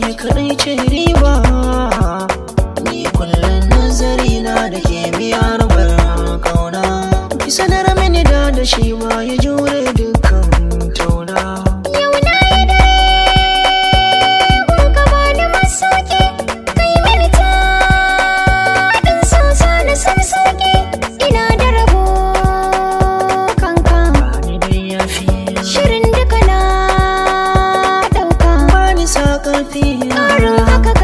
ke kaɗai ce riba ni kullum nazari na da ke biyar bar kauna ki sanar mini da da shi ma ya How